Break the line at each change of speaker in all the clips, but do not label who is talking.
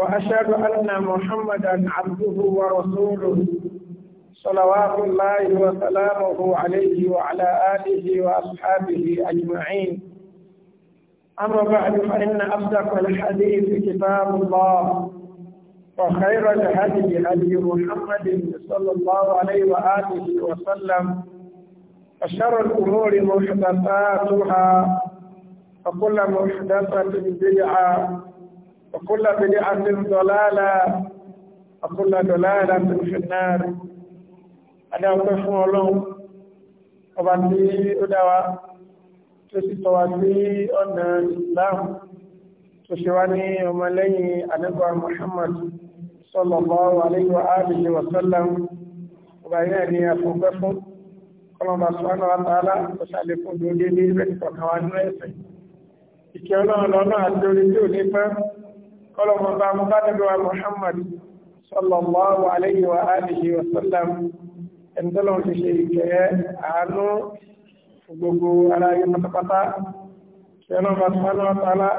وأشهد أن محمدا عبده ورسوله صلوات الله وسلامه عليه وعلى آله وأصحابه أجمعين أما بعد فإن أصدق الحديث كتاب الله وخير الهدي هدي محمد صلى الله عليه وآله وسلم وشر الأمور محدثاتها وكل محدثة بدعة وكل بدعة ضلالة وكل ضلالة في النار أنا أقف ولوم وبعدي أدعى تستوى أن الإسلام تشواني وملي أنبوى محمد صلى الله عليه وآله وسلم وبعدين أفوقفهم ọlọ́mọ sọ́nà àtàlà ọ̀ṣàlékún lórí ní ìrẹ́kọ̀ọ́kọ́ wá ní ẹ̀sẹ̀ ìkẹ́ ọlọ́run lọ́nà àti orí tí ò ní pẹ́ kọlọ̀mọ̀ bá mú bá dẹ̀bẹ̀wà Muhammad sallallahu alayhi wa alihi wa sallam ẹ̀ntọ́lọ̀ ti ṣe ìkẹyẹ àánú gbogbo ara yìí pátápátá tí ẹ̀nà bá sọ́nà ọ̀tàlá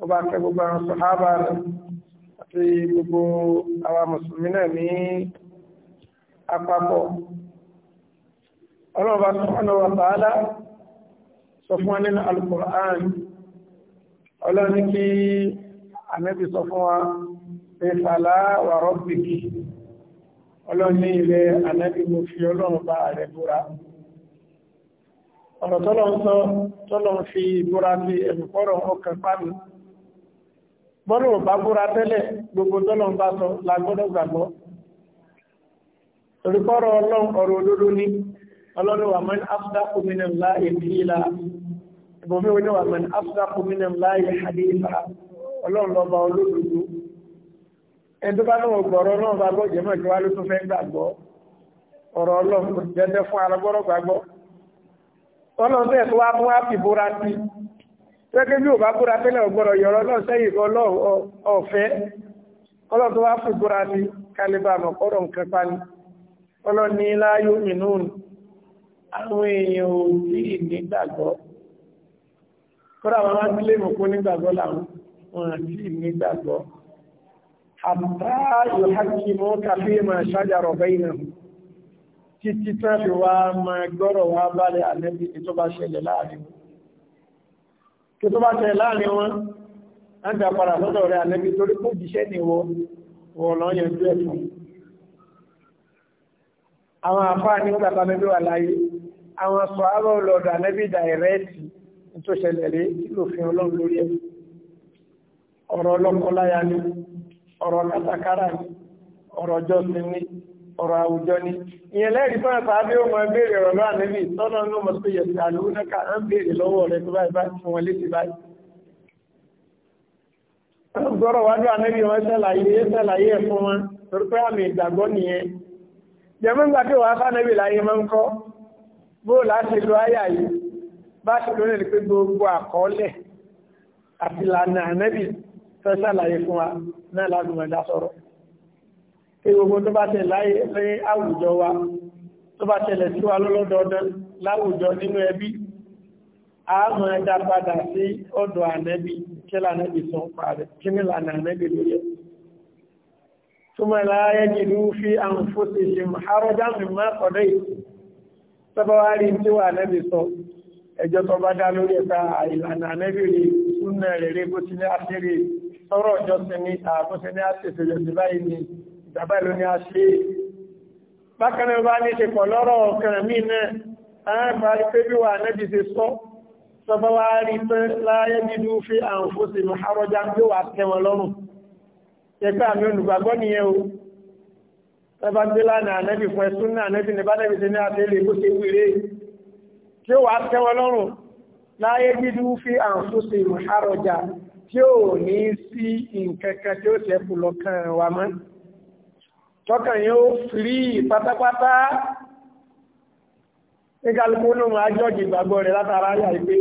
ó bá kẹ gbogbo àwọn sọ̀hábà rẹ̀ àti gbogbo àwa mùsùlùmí náà ní àpapọ̀ ọlọ́ọ̀bá sọ́nà ọ̀tàlá sọ fún wa nínú alukur'an ọlọ́ni kí ànábì sọ fún wa pé fàlá wà rọ́bìkì ọlọ́ni ilẹ̀ ànábì mo fi ọlọ́run bá rẹ̀ búra ọ̀rọ̀ tọ́lọ̀ ń sọ tọ́lọ̀ ń fi búra sí ẹ̀mùkọ́rọ̀ ọkàn pàmì bọ́lọ̀ bá búra tẹ́lẹ̀ gbogbo tọ́lọ̀ ń bá sọ lágbọ́dọ̀ gbàgbọ́ orúkọ́rọ̀ ọlọ́run ọ̀rọ̀ olóró ní ọlọ́run wà mọ́n ọlọ́run lọ́ba olódodo ẹni tó bá lọ́wọ́ gbọ́rọ̀ ọlọ́run bá gbọ́ jẹ́mọ̀ tí wàá ló tún fẹ́ gbàgbọ́ ọ̀rọ̀ ọlọ́run jẹ́jẹ́ fún alágbọ́rọ̀ gbàgbọ́ ọlọ́run tẹ̀ tó wá mú àpì bóra sí gẹ́gẹ́ bí ò bá bóra tẹ́lẹ̀ ọgbọ́rọ̀ yọ̀rọ̀ náà sẹ́yìn ọlọ́run ọ̀fẹ́ ọlọ́run tó wá fún bóra sí kálíbà mọ̀ kọ́rọ̀ nǹkan pani ọlọ́ni láyé mìíràn àwọn èèyàn ò tí ì nígbàgbọ́ kọ́ra wọn wá sílé ìmọ̀kún nígbàgbọ́ làwọn wọn àti nígbàgbọ́ àbá ìhàkì mọ́ kàfí máa ṣájàrọ̀ bẹ́yìnà títí tẹ́lẹ̀ wá máa gbọ́rọ̀ wá bálẹ̀ ànẹ́bí tó bá ṣẹlẹ̀ láàrin kí tó bá ṣẹlẹ̀ láàrin wọn á ń dàpadà sọ́dọ̀ rẹ̀ ànẹ́bí torí kó jíṣẹ́ ní wọ wọ̀lọ́ yẹn tó ẹ̀fún àwọn àfáà ní ọgbàtà mẹ́bí wà láyé àwọn sọ ọ̀rọ̀ ọlọ́kọláya ni ọ̀rọ̀ kátàkárà ni ọ̀rọ̀ jọ́sìn ni ọ̀rọ̀ àwùjọ ni ìyẹn lẹ́rìí fún ẹ̀fà bí ó mọ béèrè ọ̀rọ̀ lọ́wọ́ àníbì tọ́nà ń mọ̀ sí yẹ̀sì àlùwúnẹ́ka ń béèrè lọ́wọ́ rẹ̀ tó báyìí báyìí fún wọn létí báyìí. gbọ́rọ̀ wájú àníbì wọn ṣàlàyé ṣàlàyé ẹ̀ fún wọn torí pé àmì ìgbàgbọ́ nìyẹn. jẹ́mọ́ngbà tí wàá fánẹ́bì láyé máa ń kọ́ bó láti lo áyà yìí bá ti lónìí pé gbogbo àkọọ́lẹ̀ àtìlànà àníbì fẹ́ ṣàlàyé fún wa náà lágbùmọ̀dá sọ̀rọ̀ kí gbogbo tó bá tẹ̀ láyé ní àwùjọ wa tó bá tẹ̀lẹ̀ tí wa lọ́lọ́dọọdán láwùjọ nínú ẹbí a mọ̀ ẹ̀dá padà sí ọ̀dọ̀ ànẹ́bí kí lànẹ́bí sọ pàdé kí ní lànà ànẹ́bí ló yẹ túnmọ̀ láyé jìlú fi àwọn fòsì ṣe àrọ́já mi sọ ẹjọ́ tó dá lórí ẹ̀ta ìlànà ànẹ́bí rí súnà rẹ̀ bó ti ní àṣírí sọ̀rọ̀ ìjọsìn ní àbúṣe ní àṣìṣe lòdì báyìí ni ìjàmbá ìlú ni a ṣe é bákan náà bá ní ṣe pọ̀ lọ́rọ̀ ọ̀kan mí náà àápa ipé bí wà náà bí ṣe sọ sọba wá rí pé láyé dídú fi àǹfóṣì mọ̀hárọ́já pé wà tẹ́wọn lọ́rùn ẹgbẹ́ àmì olùgbàgbọ́ nìyẹn o ẹba gbé lánàá nẹ́bì fún tí ò ní sí nǹkankan tí ó ṣẹ́kù lọ́kàn wa mọ́ tọ́kàn yóò fìrí pátápátá ní kálukú ní ọmọ ajọ́jì ìgbàgbọ́ rẹ̀ látara ayà ìpé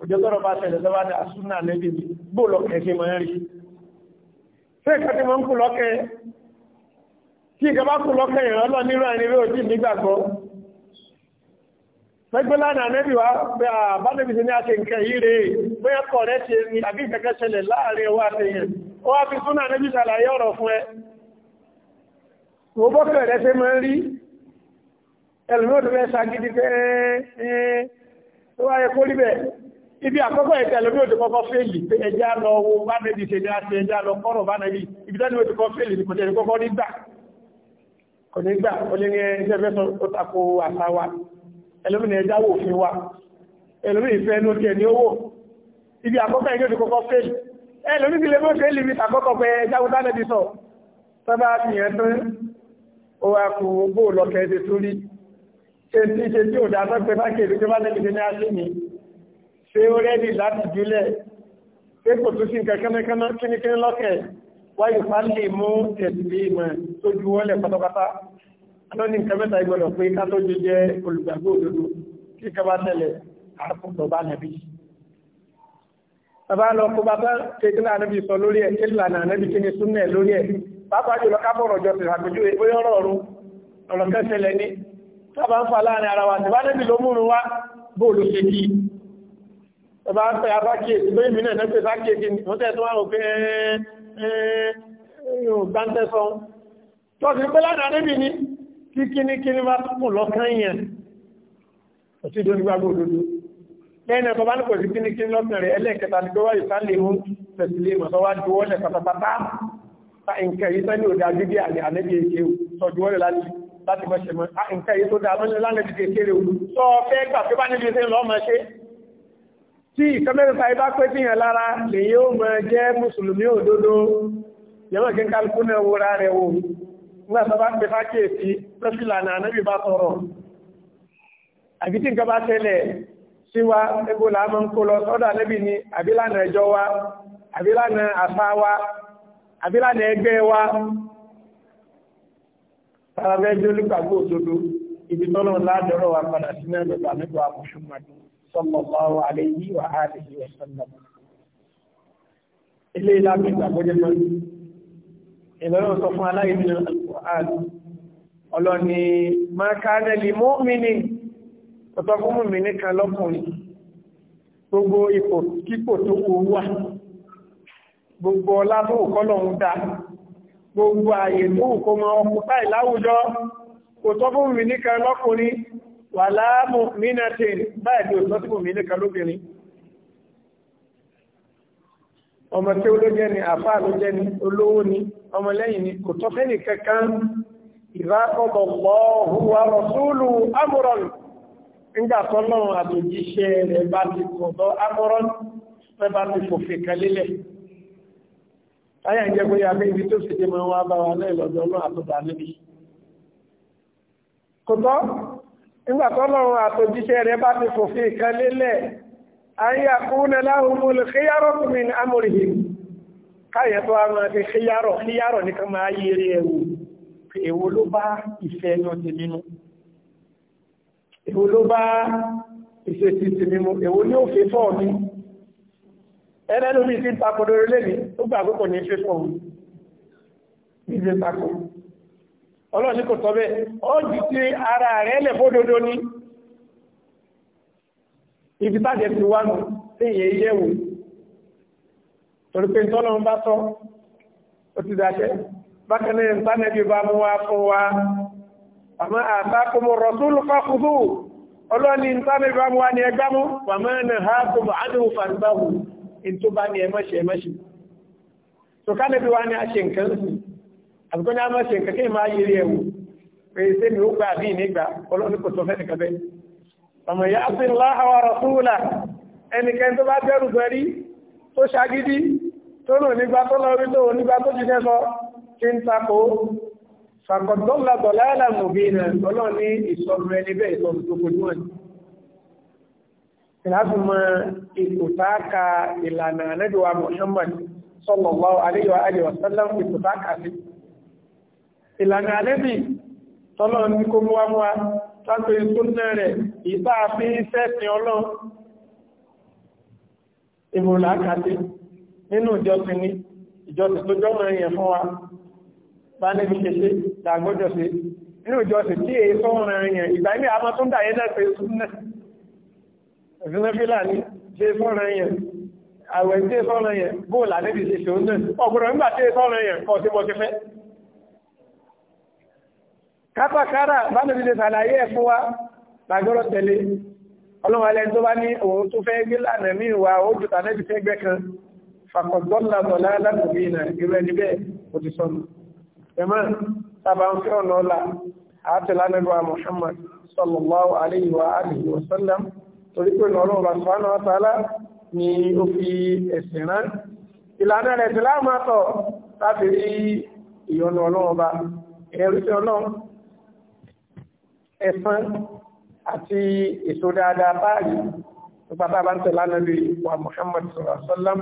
òjò tọ́rọ bá ṣẹlẹ̀ lọ́wọ́ ní àsúnà lẹ́bí bó lọ́kẹ̀ sí mọ́ rí ṣé ìkà tí mọ́ ń kú lọ́kẹ̀ tí ìkà bá kú lọ́kẹ̀ ìrànlọ́ nírọ̀ ẹni rí pẹ́gbẹ́lá náà nẹ́bí wá bá nẹ́bí sí ní àṣẹ nǹkan yìí rẹ̀ bóyá kọ̀ rẹ̀ ṣe ní àbí ìfẹ́kẹ́ ṣẹlẹ̀ láàrin wa tẹ̀yẹn ó wá fi súnà nẹ́bí ṣàlàyé ọ̀rọ̀ fún ẹ wo bọ́kẹ̀ rẹ̀ ṣe mọ́ rí ẹlùmọ́dù rẹ̀ ṣàgídí pé ibi àkọ́kọ́ ẹ̀kẹ́ ẹlùmọ́dù kọ́kọ́ fẹ́lì pé ẹjá lọ wo bá nẹ́bí ṣe ní àṣẹ ẹjá ẹlòmínà ẹjá wò fún wa ẹlòmínà ìfẹ́ ní oúnjẹ ní owó ibi àkọ́kọ́ ẹjọ́ ti kọ́kọ́ fẹ́ ẹlòmínà ilé mọ́ṣẹ́ lè fi àkọ́kọ́ pé ẹjá wò dáná ti sọ sábà fìyàn tán ó wá kú bó lọ́kẹ́ ti tún rí ṣe tí ni ṣé ó rẹ́dì láti júlẹ̀ pé kò tún sí nǹkan alóní nǹkan mẹ́ta ìgbọ́dọ̀ pé ká tó jẹ jẹ́ olùgbàgbọ́ òdodo kí ká bá tẹ̀lé àkókò bá nàbí. bàbá lọ kó bàbá kékeré ànábì sọ lórí ẹ̀ kí lànà ànábì kí ni súnmẹ̀ lórí ẹ̀ pàápàá jùlọ ká bọ̀rọ̀ jọ sí àpèjúwe bóyá ọ̀rọ̀ ọ̀run ọ̀rọ̀ kẹsẹ̀lẹ̀ ni sábà ń fa láàrin ara wa tìbá nẹ́bì ló múrun wá kí kíníkíní bá túnkù lọ́kàn yẹn ọ̀tí ìdónígbàgbò òdodo lẹ́yìn ẹ̀kọ́ bá ní kò sí kíníkíní lọ́kàn rẹ̀ ẹlẹ́ẹ̀kẹta ta nǹkan yìí tẹ́ ní òdà gbígbé àmì ànẹ́bí èké sọ juwọ́lẹ̀ láti mọ́ ṣe mọ́ nǹkan yìí tó dá mọ́ lánàbí kékeré olú sọ fẹ́ gbà pé bá níbi ṣe lọ́mọ ṣe tí ìkọ́mẹ́ta ibá pé tí yàn lára lèyí ó mọ jẹ́ mùsùlùmí òdodo yẹ́mọ̀ kí n kálukú náà wúra rẹ̀ nígbàtà bá ń pè fákèèsí lọ́sílà náà níbi bá sọ̀rọ̀ àbí tí nǹkan bá tẹ́lẹ̀ sí wa ebo là máa ń kó lọ sọ́dọ̀ ànábì ni àbí lánà ẹjọ́ wa àbí lánà àfa wa àbí lánà ẹgbẹ́ wa tara bẹ́ẹ̀ bí olùgbàgbọ́ òdodo ibi tọ́lọ́ ládọ́rọ̀ wa padà sí náà lọ́dọ̀ ànábì wa Muhammad sallallahu alayhi wa alihi wa sallam ilé ìlànà ìgbàgbọ́jẹ́ mọ́ni ìlọ́rọ̀ sọ fún aláìsí alquran ọlọ́ni máa kana li mu'minin tọ́tọ́ fún mú mi nìkan lọ́kùnrin gbogbo ipò kípò tó kó wà gbogbo ọlá tó kọ́ lọ́hún dá gbogbo ààyè tó kó mọ ọkùnfà ìláwùjọ kò tọ́ fún mi nìkan lọ́kùnrin wala mu'minatin báyìí tó tọ́ fún mi ọmọ tí ó ló jẹ́ ni àfáà ló jẹ́ ni olówó ni ọmọlẹ́yìn ni kò tọ́ fẹ́ nìkan kan ìbá ọ̀dọ̀ lọ́ọ̀hún wa rọ̀súlù amúrọ̀n nígbà tọ́lọ́run àtòjíṣẹ́ rẹ̀ bá ti kọ̀dọ̀ amúrọ̀n fẹ́ bá ti fòfin kan lélẹ̀ táyà ń jẹ́ pé abẹ́ ibi tó fi dé àyà kúnlẹ̀ láhùnmùlù kíyàrọ̀ min amúrìhìn káyẹ̀ tó a máa fi kíyàrọ̀ kíyàrọ̀ ní ká máa yẹrẹ ẹ̀wò èwo ló bá ìfẹ́ náà ti nínú èwo ló bá ìṣe ti ti mímú èwo ni ó fi fọ́ mi ẹlẹ́nu mi ti ń takò lórí lẹ́ni ó gbà pé ní fi fọ́ mi ní ti takò ọlọ́ọ̀ni kò tọ́ bẹ́ẹ̀ ó jù sí ara rẹ̀ lẹ̀ fódodo ni ibi tàbí ti wá nù tí èyẹ yẹ̀wò torí pé tọ́lọ́ ń bá sọ ó ti dáṣẹ́ bákan náà bá mú wa fún wa àmọ́ àtàkùnmọ̀ rọ̀túlù fákùdù ọlọ́ni ìntánẹ́bí bá mú wa ní ẹgbá mú wàmọ́ ẹ̀nà ha kò bá ádùn fàǹbáwù ìntó bá ní ẹmọ́ṣe wa ní aṣe nǹkan sí àbíkọ́ ní a máa ṣe nǹkan kí n máa yẹrí ẹ̀wò pèsè ọmọ ìyá sí láhàwà rọ̀kúùlà ẹnikẹ́ni tó bá bẹ̀rù gbẹ̀rí tó ṣagídí tó lò nígbà tó lọ rí lóò nígbà tó jíṣẹ́ sọ kí ń takò fàkọ̀dọ́gbàgbọ̀láyàlà mòbínà ọlọ́run ní ìsọ̀rọ̀ ẹni bẹ́ẹ̀ ìsọ̀rọ̀ tó gbójú wọn. láti mọ ipò táàkà sallallahu alaihi wa sallam ipò táàkà sí. ìlànà ànábì tọ́lọ́run ní kó mú wá mú wa tápé ìbá fi sẹ́sìn ọlọ́run ìmọ̀lá kàtí nínú ìjọsìn ní ìjọsìn tó jọ́mọ̀ èèyàn fún wa bá níbi ṣeṣe dàgbọ́jọ́ sí nínú ìjọsìn tí èyí tó rìn èèyàn ìgbà ilé àmọ́ tó ń dàyé náà pé súnmọ́ ìfúnnẹ́fílà ní ṣe fọ́nà èèyàn àwẹ̀ tí ó sọ́nà èèyàn bóòlà bá níbi ṣe ṣàlàyé ẹ̀ wa lágbọ́rọ̀ tẹ̀lé ọlọ́run alẹ́ tó bá ní òun tó fẹ́ gbé lànà mí wà ó jùtà nẹ́bí fẹ́ gbẹ́ kan fàkọ̀gbọ́nlá bọ̀lá látòmí ìnà irú ẹni bẹ́ẹ̀ ó ti sọnù ẹ̀mọ́ sábà ń fẹ́ ọ̀nà ọ̀la àátẹ̀lá nẹ́bà Muhammad sallallahu alayhi wa alihi wa sallam torí pé ọlọ́run bá sọ́nà ọ̀tàlá ni ọba ẹ̀rí ti ọlọ́run ẹ̀sán àti èso dáadáa báyìí nípa tá a bá ń tẹ̀lé ànábì wa Muhammad sallallahu alaihi wasallam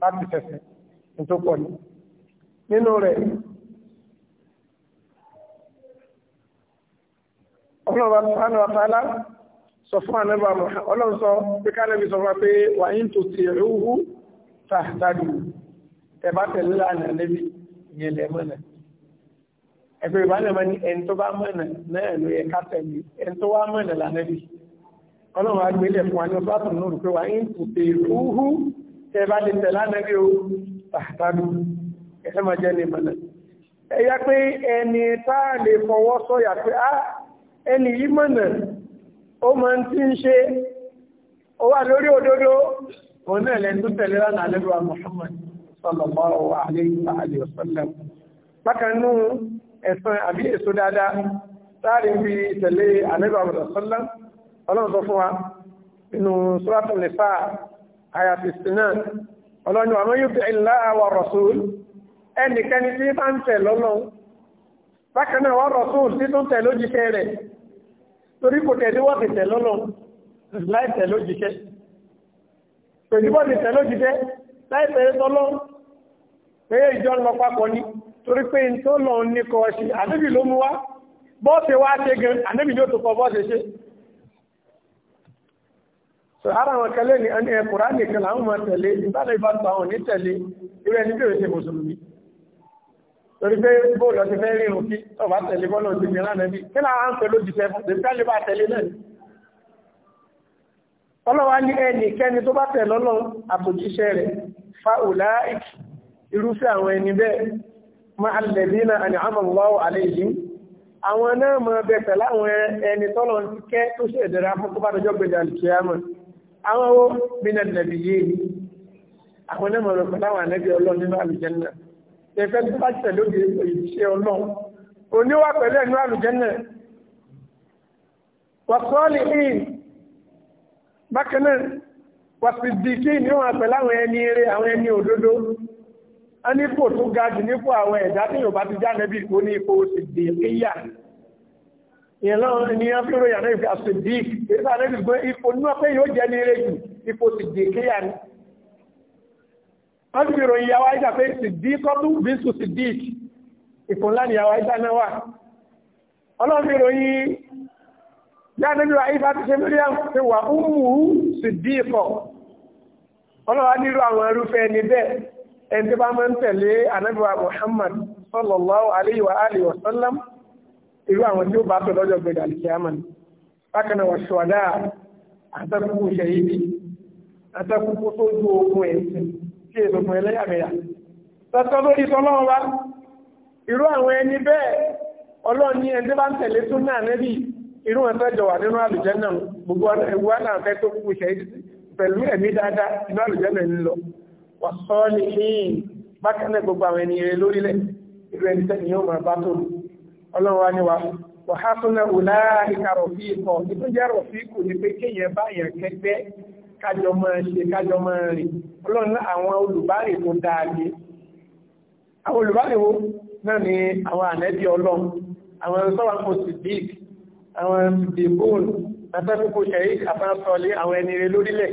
láti tẹ̀sẹ̀ nítorí pọ̀ ní. nínú rẹ̀ ọlọ́run sọ́nà àtàlá sọ fún ànábì ọlọ́run sọ pé kánẹ́bí sọ fún pé wà ń tò tí ìrúhu ẹ̀bá tẹ̀lé ànábì yẹn lẹ́mọ́nà ẹgbẹ́ ìbálẹ̀ mọ́ ní ẹni tó bá mọ̀nà náà ló yẹ kátẹ̀lé ẹni tó wá mọ̀nà lànàbí ọlọ́run agbélẹ̀ fún wa ní ọba tó lórí pé wà ń tùtè rúhú tẹ bá lè tẹ̀lá nàbí o tàbí ẹ̀fẹ́ máa jẹ́ ní mọ̀nà ẹ yá pé ẹni tá a lè fọwọ́ sọ̀yà pé á ẹni yìí mọ̀nà ó máa ń tí ń ṣe ó wà lórí òdodo òun náà lẹ́nu wa Muhammad sallallahu alaihi wa sallam bákan náà ẹ̀sán àbí èso dáadáa láàrin bí tẹ̀lé ànábì àbùdàsọ́lá ọlọ́run sọ fún wa nínú suratul nisa àyà 69 ọlọ́run wa man rasul ẹnikẹ́ni tí bá ń tẹ̀ lọ́lọ́run bákan rasul títún tẹ̀ lójíṣẹ́ rẹ̀ torí kò tẹ̀lé wọ́n ti tẹ̀ lọ́lọ́run láì tẹ̀ lójíṣẹ́ pẹ̀lú wọ́n ti tẹ̀ lójíṣẹ́ torí pé n tó lọ ní kọ ṣe ànábì ló mú wá bọ́ọ̀sì wá ṣe gan ànábì ló tó kọ bọ́ọ̀sì ṣe so ara àwọn kẹlẹ́ ní ẹni ẹ̀kùrá nìkan làwọn máa tẹ̀lé ìbára ìbá tó àwọn ní tẹ̀lé irú ẹni tí ò ṣe mùsùlùmí torí pé bóòlù ọtí fẹ́ rí òkí ọba tẹ̀lé bọ́ọ̀lù ọtí ní lánàá bí kí làwọn ń pè lójúṣẹ́ fa òláìkì irúfẹ́ àwọn ẹni bẹ́ẹ̀ máa lẹ̀dínà àníhàmàláwọ̀ àléjì àwọn náà mọ̀ bẹ̀tẹ̀ láwọn ẹni tọ́lọ̀ ti kẹ́ tó ṣe ìdẹ̀ra fún kó bá dọjọ́ gbẹ̀dẹ̀ alìkíyàmọ̀ àwọn owó bínà nàbì yìí àwọn náà mọ̀ bẹ̀tẹ̀ láwọn ànẹ́bí ọlọ́ nínú wàsìdìkì ní wọn pẹ̀lú àwọn ẹni eré àwọn ẹni òdodo a nípò tó ga jù nípò àwọn ẹ̀dá tí yóò bá ti já nẹ́bí ó ní ipò òsìdì ìyà ìyẹn fi ròyà náà ìfẹ́ àṣìdì ìfẹ́ àṣìdì gbé ipò náà pé yóò jẹ́ ní eré jù ipò òsìdì ìyà ni wọ́n ti fi náà wà ọlọ́run fi ròyìn yàwó àwọn irúfẹ́ ni bẹ́ẹ̀ ẹni tí bá máa ń tẹ̀lé anábíwá Muhammad sallallahu alayhi wa alihi wa sallam irú àwọn tí ó bá tó lọ́jọ́ gbẹ̀dẹ̀ alikiyaman bákan náà wà ṣùwádà àtàkùkù ṣẹ̀yìdì àtàkùkù tó ju ogun ẹ̀sìn tí èso fún ẹlẹ́yàmẹ̀yà tọ́tọ́ lórí tọ́lọ́wọ́ wa irú àwọn ẹni bẹ́ẹ̀ ọlọ́run ní ẹni tí bá ń tẹ̀lé tún náà nẹ́bí irú wọn tọ́jọ wà nínú àlùjànnà gbogbo ẹwà náà fẹ́ tó kúkú ṣẹ̀yìdì pẹ̀lú ẹ̀mí dáadáa inú àlùjànnà ń lọ wàsọ́ọ̀lì hìn bákan náà gbogbo àwọn ènìyàn lórílẹ̀ irú ẹni tẹ́ni yóò máa bá tó ọlọ́run wa ni wa wàhásùnà òlà ìkarọ̀ fi ikọ̀ ìtúnjẹ́ rọ̀ fi kù ní pé kéèyàn bá yàn kẹgbẹ́ kájọ àwọn olùbárè tó ni àwọn olùbárè wo náà ni àwọn ànẹ́bí ọlọ́run àwọn sọ́wọ́n kò sì bíi àwọn dìbò àtàkùkù ṣẹ̀yí àbáṣọlé àwọn ẹni rẹ lórílẹ̀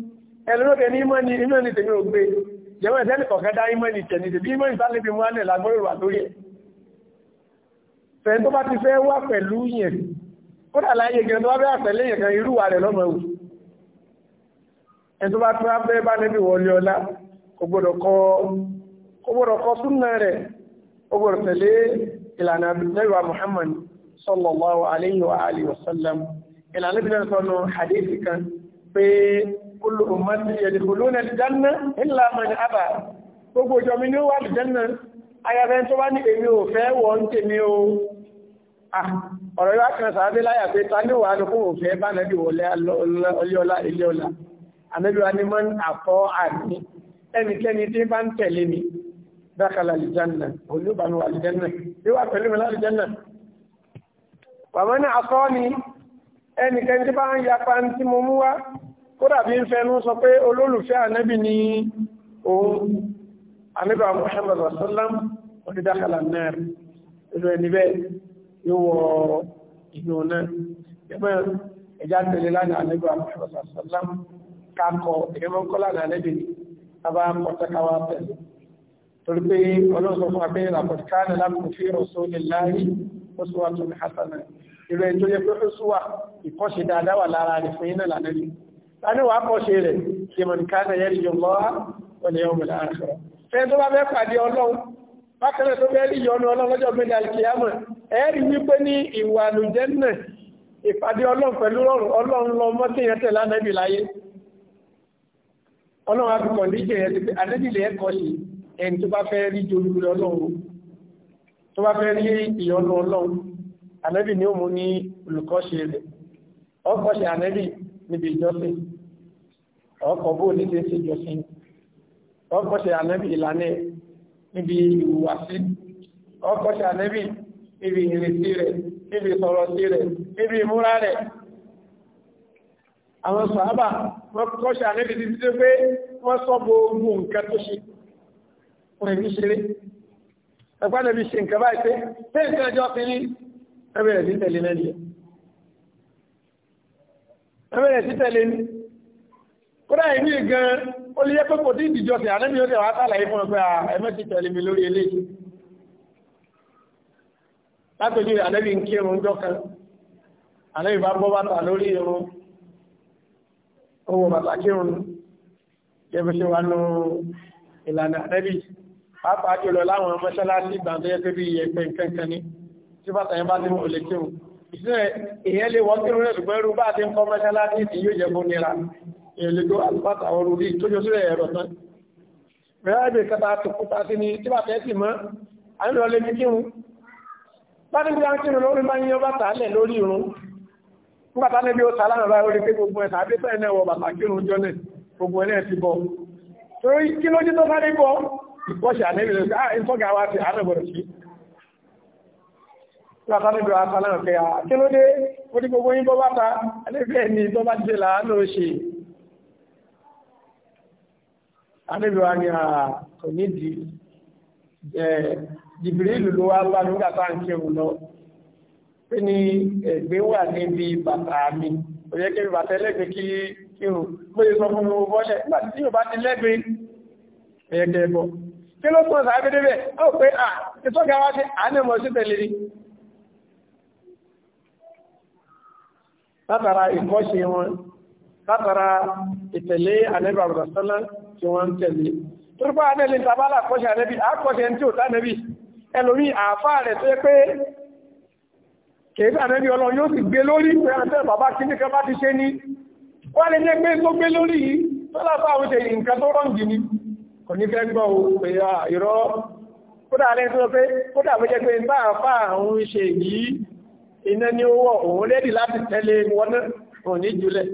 ẹlẹ́rọ̀dẹ̀ ní ìmọ̀ni ìmọ̀ni tèmi ò gbé jẹ́wọ́ ẹ̀sẹ́ni kọ̀ọ̀kẹ́ dá ìmọ̀ni tẹ̀ni tèmi ìmọ̀ni tá lébi mú alẹ̀ lágbóyò wà lórí ẹ̀ fẹ́ tó bá ti fẹ́ wà pẹ̀lú yẹn kódà láyé gẹ̀ẹ́ tó bá bẹ́ àpẹ̀lẹ́ yẹn kan irú wà rẹ̀ lọ́mọ ewu ẹ̀ tó bá tó bá bẹ́ bá lébi wọlé ọlá kò gbọ́dọ̀ kọ súnà rẹ̀ ó gbọ́dọ̀ tẹ̀lé Muhammad sallallahu alayhi wa alihi wa sallam ìlànà ìbílẹ̀ sọ́nà hadith kan pé kúlù ọmọdé ẹ̀dẹ̀kùlù náà jẹ́nà ńlá mọ̀ní àbà gbogbo ìjọ mi ní ó wà lè jẹ́nà ayàfẹ́ tó bá ní èmi ò fẹ́ wọ́n ń tèmi o ọ̀rọ̀ yóò kàn sàábé láyà pé ta ní wàá lókùn òfẹ́ bá nàbí wọlé ọlẹ́ọlá ilé ọlá ànábí wa ní mọ́n àfọ́ àní ẹnikẹ́ni tí bá ń tẹ̀lé mi dákàlà lè jẹ́nà olúbanu wà wà pẹ̀lú mi lá wàmọ́ ní àfọ́ ni ẹnikẹ́ni tí bá ń yapa ní tí mo mú wá kódà bí ń fẹnu sọ pé olólùfẹ́ ànábì ní òun ànábì Muhammad sallam onídàkàlà náà inú ẹni bẹ́ẹ̀ yóò wọ ìgbò náà ẹgbẹ́ ẹja tẹ̀lé lánàá ànábì Muhammad sallam kakọ ìrẹ́mọ́kọ́lá ànábì ní abá pọ̀tẹ́káwá tẹ̀lé torí pé ọlọ́sọ fún ìrẹ́ tó yẹ pé ó súwà ìkọ́ṣe dáadáa wà lára rẹ̀ fún yín náà lánàá tani wàá kọ́ṣe rẹ̀ ìmọ̀n kánà yẹ́rì yọ lọ́wọ́ wọlé ọmọ láàárọ̀. fẹ́ẹ́ tó bá fẹ́ pàdé ọlọ́run bákẹ́rẹ́ tó fẹ́ rí yọnu ọlọ́run lọ́jọ́ gbẹ́dẹ̀ àlìkìyàmọ̀ ẹ̀ẹ́rì wípé ní ìwà àlùjẹ́ náà ìpàdé ọlọ́run pẹ̀lú ọlọ́run lọ mọ́ sí ìyẹn tẹ̀lé ànábì láyé ọlọ́run àti kọ̀ǹdíjẹ̀ yẹn ti pé ànábì lè ẹni tó bá fẹ́ rí jolú ọlọ́run tó bá fẹ́ rí ìyọnu ọlọ́run ànábì ni ó mú ní olùkọ́ṣe rẹ̀ ọkọ̀ṣe ànábì níbi ìjọsìn ọkọ̀ bó ní ṣe ṣe jọsìn ọkọ̀ ṣe ànẹ́bì ìlànà níbi ìhùwàsí ọkọ̀ ṣe ànẹ́bì níbi ìrètí rẹ̀ níbi ìsọ̀rọ̀ sí rẹ̀ níbi ìmúra rẹ̀ àwọn sàábà wọ́n kọ́ ṣe ànẹ́bì títí tó pé wọ́n sọ gbogbo nǹkan tó ṣe fún ẹ̀mí ṣeré ẹgbẹ́ ànẹ́bì ṣe nǹkan báyìí pé pé nǹkan ẹjọ́ fi ní ẹbẹ̀rẹ̀ sí tẹ̀lé lẹ́yìn ẹbẹ̀rẹ̀ sí tẹ̀lé ní kódà ìní gan ó lè yẹ pé kò tí ìdìjọ sí àná mi ó lè wá sàlàyé fún ọgbẹ́ ẹmẹ́ ti tẹ̀lé mi lórí eléyìí látòjú ànábì ń kírun jọ kan ànábì bá bọ́ bàtà lórí irun owó bàtà kírun yẹ́bi ṣe wà nù ìlànà ànábì pàápàá jùlọ láwọn mọ́ṣáláṣí gbàǹdẹ́yẹ́ pé bí ìyẹ̀pẹ̀ nǹkan kan ní tí bàtà yẹn bá ti mú olè kírun ìṣe èyàn lè wọ́n tí ó rẹ̀ ṣùgbọ́n irú bá ti ń kọ́ mẹ́ṣáláṣí tí yóò jẹ fún nira èlè tó àlùpàtà ọrù rí tó jọsí rẹ̀ ẹ̀rọ tán rẹ́ẹ̀dì kata tukuta sí ni tí bàtẹ́ sì mọ́ àyílọ́ lè fi kírun bá ní bí kírun lórí bá yíyan bàtà lẹ̀ lórí irun nígbàtà ní bí ó ta lánàá báyìí ó rí pé gbogbo ẹ̀ tàbí fẹ́ látàlẹ́bẹ̀ àtàlẹ́ ọ̀fẹ́ àti ló dé ó dí gbogbo yín bọ́ báta alẹ́bẹ̀ ní tó bá jẹ́ láàánú ṣe alẹ́bẹ̀ wa ni a kò ní di jìbìrì ìlú ló wá bá nígbà tá à ń kírun lọ pé ní ẹ̀gbẹ́ wà níbi bàtà mi kò yẹ kí bàtà ẹlẹ́gbẹ́ kí kírun bó ṣe sọ fún mi bọ́ṣẹ̀ nígbà tí yóò bá ti lẹ́gbẹ́ ẹ̀yẹ látara ìkọ́ṣe wọn látara ìtẹ̀lé ànẹ́bà rọ̀sánlá tí wọ́n ń tẹ̀lé torípa anẹ́lẹ́ ìtàbálà kọ́ṣe ànẹ́bì àkọ́ṣe tí ò tánẹ́bì ẹlòmí àáfà rẹ̀ tó yẹ pé kèéfì ànẹ́bì ọlọ́run yóò sì gbé lórí pé àtẹ́ bàbá kíní kan bá ti ṣe ní wọ́n lè jẹ́ pé tó gbé lórí yìí tó láfà àwọn ṣe nǹkan iná ní owó òun lẹ́dì láti tẹ́lé wọ́n náà ní jùlẹ̀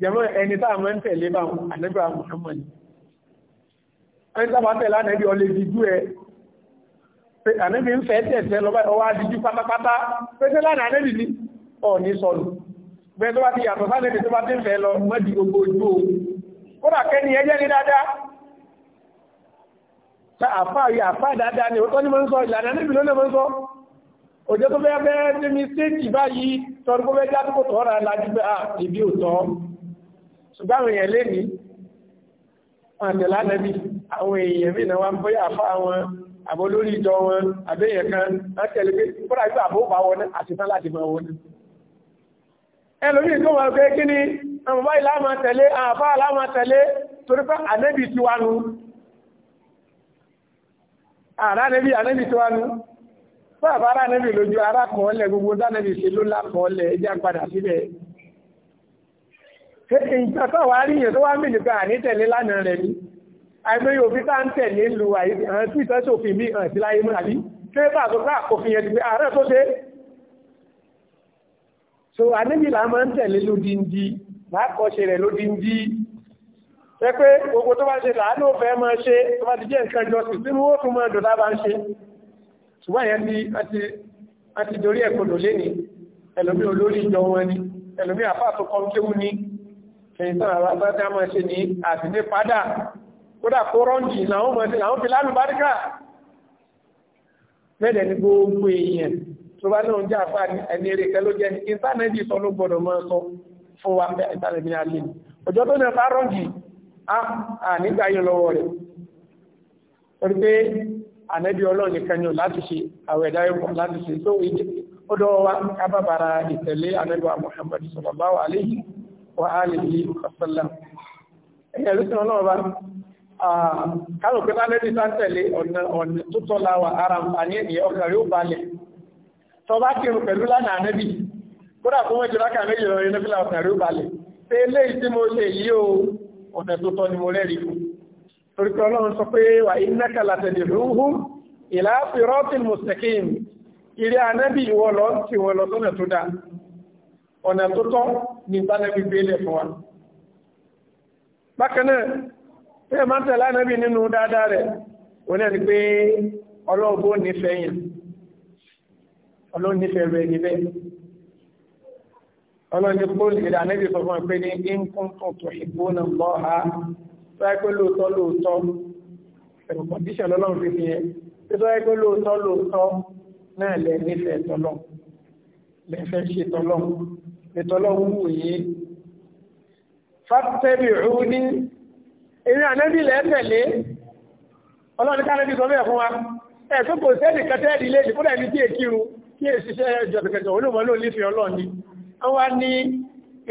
jẹmọ́ ẹni tàà mọ́ ń tẹ̀lé bá ànẹ́bà Muhammad ẹni tàbà tẹ̀lá ànẹ́bì ọlẹ́ ìdíjú ẹ ànẹ́bì ń fẹ́ tẹ̀tẹ̀ lọ́wọ́ ọwá àdíjú pátápátá pẹ́tẹ́ lánàá ànẹ́bì ní ọ̀ní sọ̀rọ̀ bẹ́ẹ̀ tó bá ti yàtọ̀ sánẹ́bì tó bá ti ń fẹ́ lọ mọ́dí gbogbo ojú o kódà kẹ́ni ẹjẹ́ ní dáadáa àfáà yìí àfáà dáadáa ni ó tọ́ ní mọ́ ń òjò tó bẹ́ẹ̀ bẹ́ẹ̀ ní mistéèkì báyìí tọrọ kó bẹ́ẹ̀ jẹ́ àdúgbò tó ọ̀rọ̀ alájú pé à ah, ìbí ò tọ́ ṣùgbọ́n àwọn èèyàn lẹ́ni àtẹ̀lá nẹ́bí àwọn èèyàn mìíràn wá ń bóyá àfá wọn àbò ìjọ wọn àbẹ́yàn kan látẹ̀lé pé kódà ìgbà àbóbá wọn àtìtán láti mọ̀ wọn ẹlòmí tó wọ́n pé kí ni àwọn báyìí láàmà tẹ̀lé àfá láàmà tẹ̀lé torí pé ànẹ́bì ti wánu àrá ànẹ́bì ànẹ́bì ti bàbá ara nẹ́bì lójú ara kọ̀ọ́lẹ̀ gbogbo dánẹ́bì ṣe ló lákọ̀ọ́lẹ̀ ẹjá padà sílẹ̀ ìtàkọ̀ wá rí yẹn tó wá mìlì pé àní tẹ̀lé lánàá rẹ̀ ni àìmọ́ yóò fi tá ń tẹ̀lé lu àìsàn tí ìtọ́ sófin mi hàn sí láyé mú àbí ṣé bá tó ká òfin yẹn ti pé ààrẹ tó dé so àníbi là máa ń tẹ̀lé lódindi lákọ̀ọ́ṣe rẹ̀ lódindi pé pé gbogbo tó bá ṣe làánú fẹ́ máa ṣe tó bá ti jẹ́ nǹkan jọ sí sínú ó tún máa dòdá bá ń ṣe ṣùgbọ́n yẹn ti àti dorí ẹ̀kọ́dọ̀ lẹ́ni ẹlòmí olórí ìjọ wọn ni ẹlòmí àfáàtò kan kéwú ní ṣèyíntàn àbábátá máa ṣe ní àtìní padà kódà kó rọ́ǹdì làwọn ọmọ sí làwọn fi lálùbáríkà mẹ́rẹ̀ ní gbogbo èèyàn tó bá náà ń jẹ́ àfáà ní ẹni eré kẹ́ ló jẹ́ ní ìntánẹ́ẹ̀tì sọ ló gbọ́dọ̀ máa sọ fún ànẹ́bí ọlọ́run nìkan ni ò láti ṣe àwọn ẹ̀dá ẹ̀kọ́ láti ṣe tó ó dọ́wọ́ wá kábàbàrà ìtẹ̀lé ànẹ́bí wa Muhammad sallallahu alaihi wa alihi wa sallam ẹ̀yẹ̀ ló sọ̀rọ̀ náà bá kálò pé lánẹ́bí sá ń tẹ̀lé ọ̀nà tó tọ́lá wa ara àní ènìyàn ọkàn rí ó balẹ̀ tó bá kírun pẹ̀lú lánàá ànẹ́bí kódà tó mẹ́jọ lákà méjì lọ rí ní ọkàn rí balẹ̀ torí pé ọlọ́run sọ pé wà innaka latad'uhum ila siratin mustaqim ìrẹ́ ànábì ìwọ lọ tí wọ́n lọ sọ́nà tó dáa ọ̀nà tó tọ́ ní ìbánẹ́bí gbélé fún wa bákan náà tí ẹ máa ń tẹ̀lé ànábì nínú dáadáa rẹ̀ wọ́n náà ni pé sọ́yẹ́ pé lóòótọ́ lóòótọ́ ẹ̀rù kọ̀díṣàn lọ́lọ́run fi fi yẹn tí sọ́yẹ́ pé lóòótọ́ lóòótọ́ náà lẹ nífẹ̀ẹ́ tọ́lọ́ lẹ fẹ́ ṣe tọ́lọ́ lẹ tọ́lọ́ wù yé fàtẹ́bì òun ní eré ànábì lẹ́ẹ̀tẹ̀lé ọlọ́run ká lẹ́bí sọ bẹ́ẹ̀ fún wa ẹ̀ tó kò sẹ́ẹ̀dì kẹtẹ́ẹ̀dì lé ìdìbò dàbí tí èkìrù kí èṣiṣẹ́ ìjọ̀kẹ̀kẹ̀ olóòmọ́ ló nífẹ̀ẹ́ ọlọ́run ni wọ́n wá ní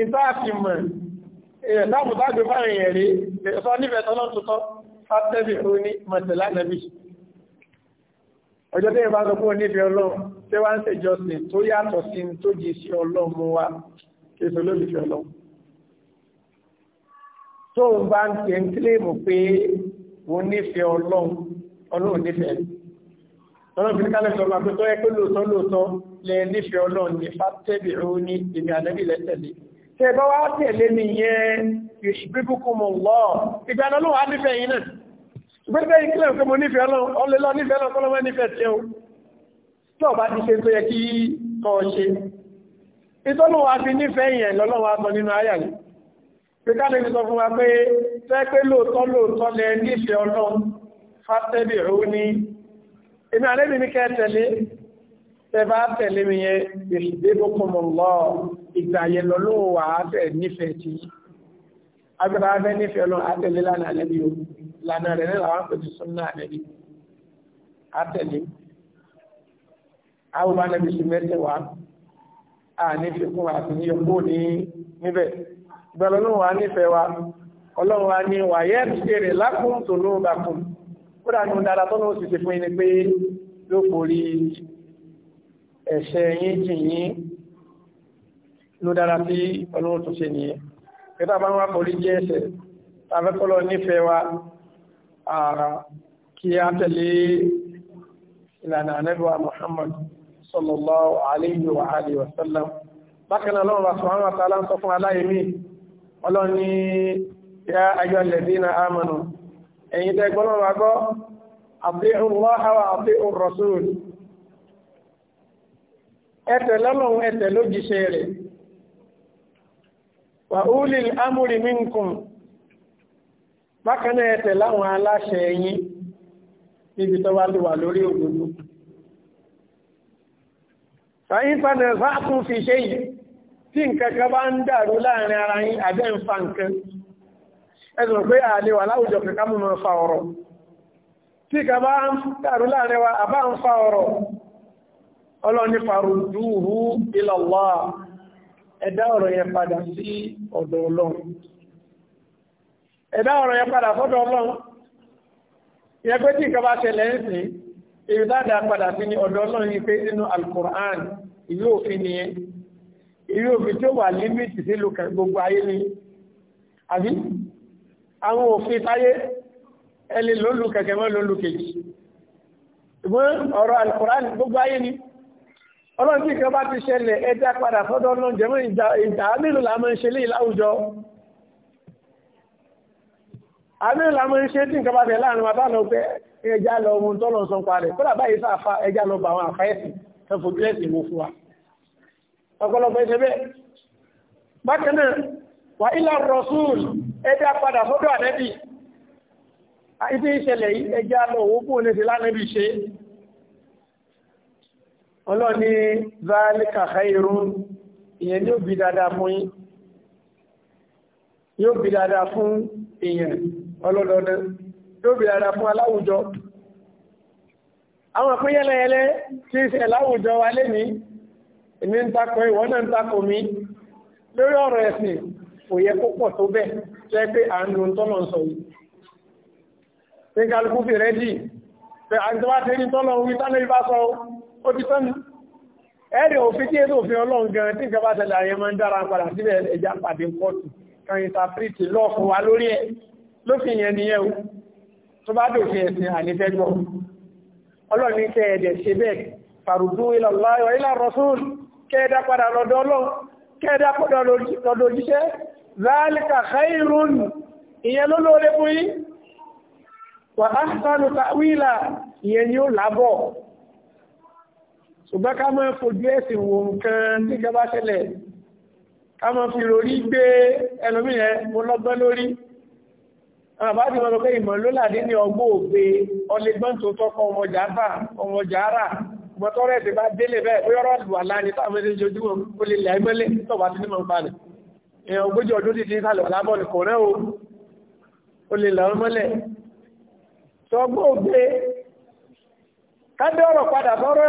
ìtọ́ àfihàn ìrẹ̀dáàbò bá gbé fáwọn èèyàn rí ẹ̀sọ́ nífẹ̀ẹ́ tọ́lọ́ tuntun fátẹ́bì ó ní mọ̀tẹ̀lá nàbí ọjọ́ tẹ́yìn bá sọ fún onífẹ́ ọlọ́run tí wá ń ṣe jọsìn tó yàtọ̀ sí tó jì sí ọlọ́run wa késo lólùfẹ́ ọlọ́run tó ń bá ń tẹ̀ ń kílèmù pé onífẹ́ ọlọ́run ọlọ́run nífẹ̀ẹ́ ọlọ́run fi ní fátẹ́bì tẹ bá wá tẹ̀lé mi yẹn yushbikukum Allah ìgbà náà lóun á nífẹ̀ẹ́ yín náà ìgbẹ́gbẹ́ ìkílẹ̀ òkè mo nífẹ̀ẹ́ náà ọlẹ́lọ nífẹ̀ẹ́ náà kọ́lọ́mọ́ nífẹ̀ẹ́ tẹ́ o tí ọba ti ṣe tó yẹ kí kọ́ ṣe ìtọ́lọ́wọ́ a fi nífẹ̀ẹ́ yẹn lọ́lọ́wọ́ a sọ nínú ayà yìí pé fún wa pé fẹ́ pé lóòótọ́ lóòótọ́ lẹ nífẹ̀ẹ́ ọlọ́run fásitẹ́bì òun ni èmi àlébì ní kẹ́ tẹ́fà tẹ̀lé mi yẹn ìṣìdébò kọmọ̀ lọ ìgbàyẹ̀ lọ́lọ́ wà á fẹ́ nífẹ̀ẹ́ tí agbára fẹ́ nífẹ̀ẹ́ lọ àtẹ̀lé lánà àlẹ́bí o lànà rẹ̀ nílà wọn pẹ̀lú súnà àlẹ́bí àtẹ̀lé àwọn bá nàbí sí mẹ́tẹ̀ wá à nífẹ̀ẹ́ fún wa àti níyọ kó ní níbẹ̀ ìgbàlọ́lọ́ wà nífẹ̀ẹ́ wa ọlọ́run wa ní wàyẹ́ ìṣẹ̀rẹ̀ lákùntò ni pé ló kò rí ẹ̀ṣẹ̀ yín jì yín ló dára tí ọlọ́run tó ṣe nìyẹn kẹta bá ń wá forí jẹ́ ẹ̀ṣẹ̀ tàbẹ́kọ́lọ́ nífẹ̀ẹ́ wa kí a tẹ̀lé ìlànà anẹ́bíwá Muhammad sallallahu alayhi wa alihi wa sallam bákan náà lọ́wọ́ subhanahu wa ta'ala ń sọ fún aláìmí ọlọ́ni ya ayyuhal ladhina amanu ẹ̀yin tẹ́gbọ́n wa gbọ́ àti ìrùn wá àwà àti ìrùn ẹ̀tẹ̀ lọ́lọ́run ẹ̀tẹ̀ lójíṣẹ́ rẹ̀ wà úlì amúrí minkum bákan náà láwọn aláṣẹ yín níbi tó wá lùwà lórí òdodo fàyín padà fàákùn fi ṣe yìí tí nǹkankan bá ń dàrú láàrin ara yín àbẹ́ ń fa nǹkan ẹ̀sùn pé àlè wà láwùjọ kankan mú mọ́ fa ọ̀rọ̀ tí ń dàrú láàrin wa àbá ń fa ọ̀rọ̀ ọlọ́ni farudúhu ila Allah ẹ̀dá ọ̀rọ̀ yẹn padà sí ọ̀dọ̀ ọlọ́run ẹ̀dá ọ̀rọ̀ yẹn padà fọ́dọ̀ ọlọ́run yẹ pé tí ìkọba ṣẹlẹ̀ ń sìn èyí dáadáa padà sí ní ọ̀dọ̀ ọlọ́run yìí pé nínú alukur'an ìwé òfin nìyẹn ìwé òfin tó wà límìtì sí gbogbo ayé ni àbí àwọn òfin táyé ẹni lólu kẹ̀kẹ́ mọ́ lólu kejì ṣùgbọ́n ọ̀rọ̀ alukur'an gbogbo ayé ni ọlọ́run tí ìkan bá ti ṣẹlẹ̀ ẹjá padà fọ́dọ̀ náà jẹ́mọ́ ìjà mélòó la máa ń ṣe lé láwùjọ àmélòó la máa ń ṣe tí nǹkan bá tẹ̀ láàrin wa bá lọ pé ẹjá lọ ohun tọ́lọ̀ sọ pa rẹ̀ kódà báyìí sáfà ẹjá lọ bá àwọn àfáyẹ̀sì tó fojú ẹ̀sìn mú fún wa ọ̀pọ̀lọpọ̀ ẹsẹ̀ bẹ́ẹ̀ bákan ọlọ́ni zálíkà khairun ìyẹn yóò bí dáadáa fún yín yóò bí dáadáa fún èèyàn ọlọ́dọọdẹ yóò bí dáadáa fún aláwùjọ àwọn pín yẹ́lẹ́yẹ́lẹ́ tí í ṣe láwùjọ wa lé ní èmi ń takọ ìwọ náà ń takọ mi lórí ọ̀rọ̀ ẹ̀sìn kò yẹ kó pọ̀ tó bẹ́ẹ̀ jẹ́ pé à ń lo tọ́lọ̀ ń sọ yìí ní kálukú fi rẹ́dì pé à ń tọ́wá tẹ́rí tọ́lọ̀ ń wí tánà ìbá sọ ó ti sọ́nà ẹ̀rì òfin tí èdè òfin ọlọ́run gan tí nǹkan bá tẹ̀lé àyẹ̀ máa ń dára padà síbẹ̀ ẹja pàdé pọ́ọ̀tù kan ìtàpírìtì lọ́ọ̀fún wa lórí ẹ̀ lófin yẹn nìyẹn o tó bá dòfin ẹ̀sìn ànífẹ́ gbọ́ ọlọ́run ní kẹ́ ẹ̀dẹ̀ ṣe bẹ́ẹ̀ fàrùdú ila Allah wa ila ìyẹn ni ó lábọ̀ ṣùgbọ́n ká máa fojú ẹ̀sìn wo nǹkan níjọba tẹ́lẹ̀ ká máa fi rorí gbé ẹlòmí yẹn mo lọ́gbọ́n lórí àbá ti mọ̀ pé ìmọ̀ ló làdé ní ọgbọ́ òbe ọlẹ́gbọ́n tó tọ́kọ ọmọjà bà ọmọjà rà gbọ́tọ́rẹ́ ti bá délé bẹ́ẹ̀ bóyá ọ̀rọ̀ àdùwà láàrin táwọn ẹni jojúmọ́ ó lè lẹ́ mẹ́lẹ́ tọ́wà tí nímọ̀ pa nì èèyàn ogójì ọdún ti ti ń lábọ̀ nìkan rẹ́ o ó lè lọ́ mọ́lẹ̀ tọ́gbọ́ òbe kádé ọ̀rọ̀ padà sọ́rọ̀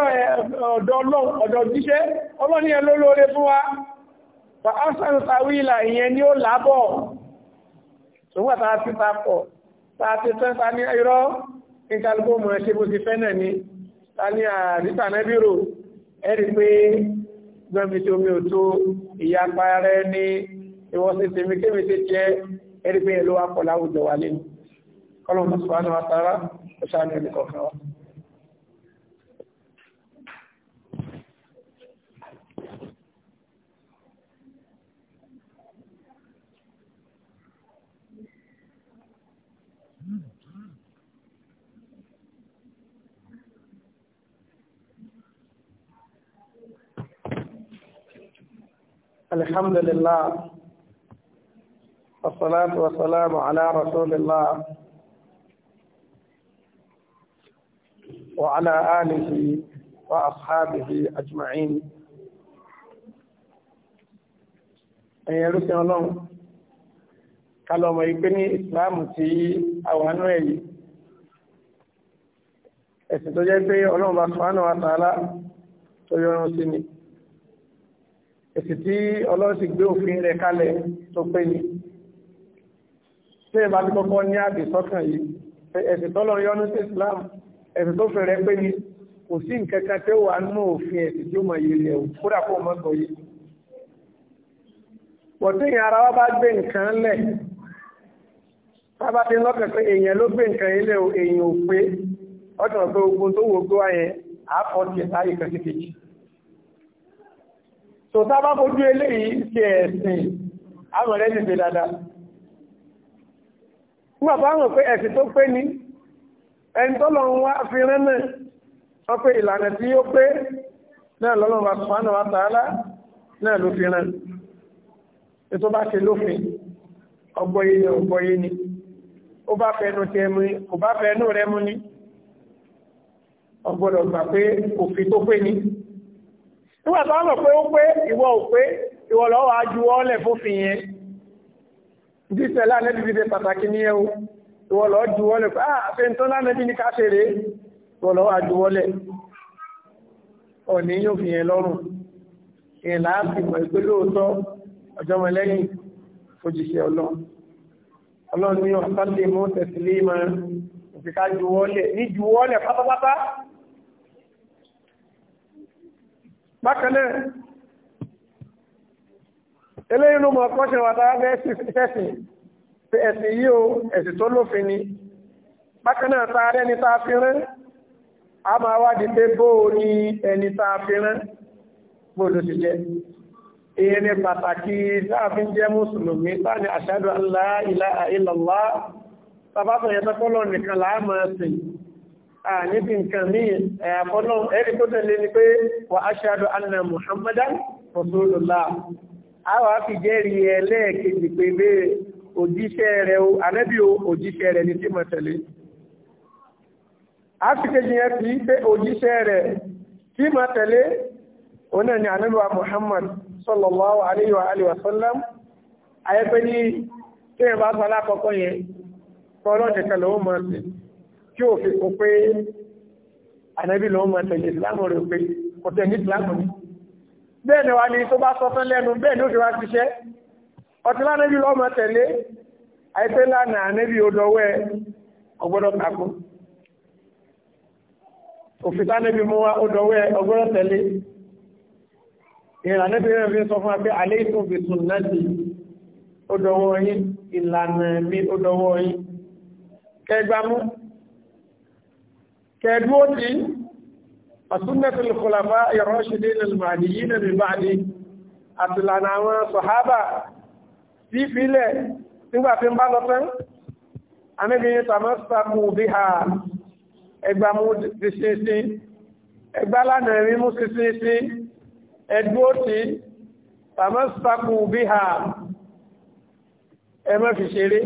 ọ̀dọ̀ ọ̀dọ̀ jíṣẹ́ ọlọ́ni ẹ ló lóore fún wa bá ásán tàwílà ìyẹn ni ó lábọ̀ ṣùgbọ́n tàà ti papọ̀ tàà ti tẹ́ ta ní irọ́ ìkàlùkò mọ̀ ṣe bó ni ta ní àríta nẹ́bírò ẹ̀rí pé gbọ́nmi tí omi ò tó ìyapa rẹ ní ìwọ́sí tèmi kémi ti jẹ́ ẹ̀rí pé ẹ̀ ló wá الحمد لله والصلاة والسلام على رسول الله وعلى آله وأصحابه أجمعين ẹ̀yẹ rúfin ọlọ́run kálọ̀ ọmọ yìí pé ní ìsìláàmù tí àwọnú ẹ̀ yìí ẹ̀sìn tó jẹ́ pé ọlọ́run bá sọ́nà wa tààlà tó yọrùn sí ni èsì tí ọlọ́run sì gbé òfin rẹ̀ kalẹ̀ tó pé ni tí ẹ bá ti kọ́kọ́ ní àdìsọ́kàn yìí ẹ̀sìn tọ́lọ́run yọ́nú sí Islam ẹ̀sìn tó fẹ̀rẹ̀ pé ni kò sí nǹkan kan tẹ́ wà nínú òfin ẹ̀sìn tí ó mọ iye rẹ̀ kódà kó mọ́ gbọ́ yìí. wọ́tí ìyẹn ara wa bá gbé nǹkan lẹ̀ sábà tí lọ́kàn pé èèyàn ló gbé nǹkan yìí lẹ̀ èèyàn ò pé ọ̀tọ̀ pé ogun tó wò gbó wa yẹn àá fọ́ tiẹ̀ sáyé kan tó sábá fojú eléyìí ṣe ẹ̀sìn àmọ̀rẹ́ ti ṣe dáadáa nígbà bá wọn pé ẹ̀sìn tó pé ní ẹni tó lọ ń wá fi rán náà wọ́n pé ìlànà tí ó pé náà lọ́lọ́run bá tọ́wọ́n náà wá tààlà ètò bá ṣe lófin ọgbọ́yé ni ọgbọ́yé ni ó bá fẹnu tẹ mú ni kò pé òfin tó pé ní nígbà tó mọ̀ pé ó pé ìwọ ò pé ìwọ lọ́wọ́ ajúwọ́ lẹ̀ fófin yẹn jíṣẹ́ lánẹ́bí ti fẹ́ pàtàkì ní ẹ̀hùn ìwọ lọ́ juwọ́ lẹ̀ pé ah, àfẹ́ tó lánẹ́bí ní káṣẹ́rẹ́ ìwọ lọ́wọ́ ajúwọ́ lẹ̀ ọ̀ní yóò fi yẹn lọ́rùn ìyẹn láàbì mọ̀ ìpé lóòótọ́ ọjọ́mọ lẹ́yìn fojìṣẹ́ ọlọ́run ọlọ́run ní ọ̀sán lè mú tẹ̀sílẹ́ bákanáà eléyìí ló mọ̀ ọkọ́ṣẹ́ wà tára bẹ́ẹ̀ sẹ́sìn pé ẹ̀sìn yìí o ẹ̀sìn tó lófin ni bákanáà tá a rẹ́ni tá a fi rán a máa wádìí pé bóò ni ẹni tá a fi rán bóò ló ti jẹ́ èyí ni pàtàkì láàfin jẹ́ mùsùlùmí sáàni ashadu an la ilaha illallah tàbátọ̀ yẹtọ́kọ́lọ́ nìkan láàmọ́ ẹ̀sìn níbi nǹkan míì àkọ́nà ẹ̀rí tó tẹ̀lé ni pé wà ashhadu anna muhammadan rasulullah àwọn àfijẹ́rí ẹlẹ́ẹ̀kejì pé bẹ́ẹ̀ òjíṣẹ́ rẹ̀ o ànábì o òjíṣẹ́ rẹ̀ ní tí mo tẹ̀lé àfikejì yẹn kì pé òjíṣẹ́ rẹ̀ tí mo tẹ̀lé òun náà ni wa muhammad sallallahu tí ò fi kò pé ànábì lòun mọ̀ tẹ̀lé ìsìláàmù rẹ̀ pé kò tẹ̀lé ìsìláàmù ni bẹ́ẹ̀ ni wà ní tó bá sọ tán lẹ́nu bẹ́ẹ̀ ni ó fi wá ṣiṣẹ́ ọtí lánàbí lòun mọ̀ tẹ̀lé àìpé lánàá ànábì odòwẹ́ ọgbọ́dọ̀ kàkó òfin tánàbí mú wa odòwẹ́ ọgbọ́dọ̀ tẹ̀lé ìrìn ànábì rẹ̀ fi sọ fún wa pé alẹ́ ìtòfin sùn náà ti yín ìlànà mi odòwọ́ yín kẹgbàmú kẹ́ẹ̀dúó ti asúnnẹ́tì lùkùlàfà ìrọ́ṣìdé lèmàdì yìí nà bíbáàdì àtìlànà àwọn sọ̀hábà sí ìfilẹ̀ nígbàtí ń bá lọ́tán anábìyìn tàmásàkù bí ha ẹgbàmú ti ṣeéṣe ẹgbàlànà mímú ti ṣeéṣe ẹdúó ti tàmásàkù bí ha ẹ má fi ṣeré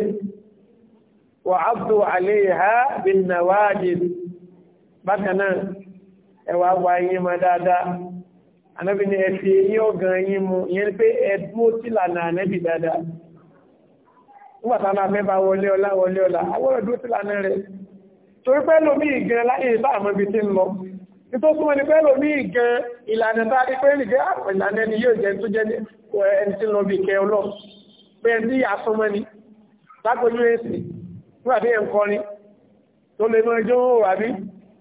wà á tó àlè ha bí nàwáàdì bákan náà ẹwà wà yín mọ́ dáadáa anábì ní ẹ̀fì yín ọ̀gàn yín mu ìyẹn pé ẹ̀dún ó ti lànà ànábì dáadáa nígbà táwọn afẹ́fà wọlé ọlá wọlé ọlá awọ́rọ̀ dúró ti lànà rẹ̀ torí pé lómi ìgan láyé bá àmọ́ ibi tí ń lọ nítorí súnmọ́ ni pé lómi ìgan ìlànà tá a rí pé nìgbẹ́ ah, ìlànà ẹni yóò jẹ́ tó jẹ́ ẹni tí ń lọ bí ìkẹ́ ọlọ́ pé ẹni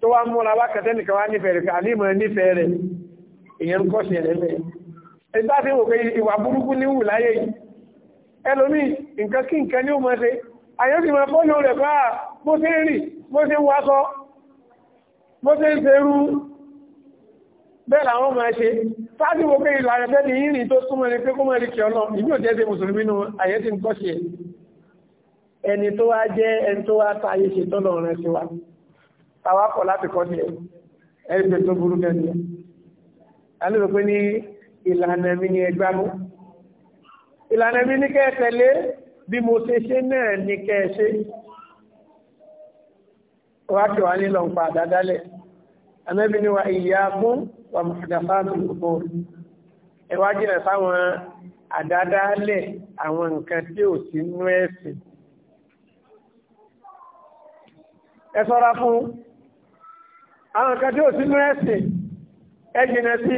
tó wá múra wákàtẹ́ nìkan wá nífẹ̀ẹ́ rẹ̀ àlímọ̀ nífẹ̀ẹ́ rẹ̀ èyàn kọ́ sí ẹ̀rẹ́ mẹ́ ẹgbá tí wò pé ìwà burúkú ní wù láyé yìí ẹlòmí nǹkan kí nǹkan ní ó mọ́ ṣe àyẹ́ sì máa fọ́lù rẹ̀ bá bó ṣe ń rìn bó ṣe ń wáṣọ bó ṣe ń ṣerú bẹ́ẹ̀ làwọn máa ṣe sáájú wo pé ìlànà fẹ́ ní ìrìn tó súnmọ́ ni pé kó mọ́ rí kí ọlọ́ ìbí ò jẹ́ ṣe mùsùlùmí nu àyẹ́ sì ń kọ́ sí ẹni tó wá jẹ́ ẹni tó wá ta ayé ṣe tọ́lọ̀ rẹ̀ sí wa tàwa kọ̀ láti kọ́ ní ẹ̀rí pé tó burú náà ni a lè pé ní ìlànà mi ni ẹgbàá mú ìlànà mi ní kẹ́ tẹ̀lé bí mo ṣe ṣe náà ní kẹ́ wá kí wá nílò ń pa àdádálẹ̀ ànábì ni wa ìyá fún wa mọ̀dàfà tó kò ẹ wá jìnà sáwọn fún àwọn kan tí ó sínú ẹ̀sìn ẹjìnà sí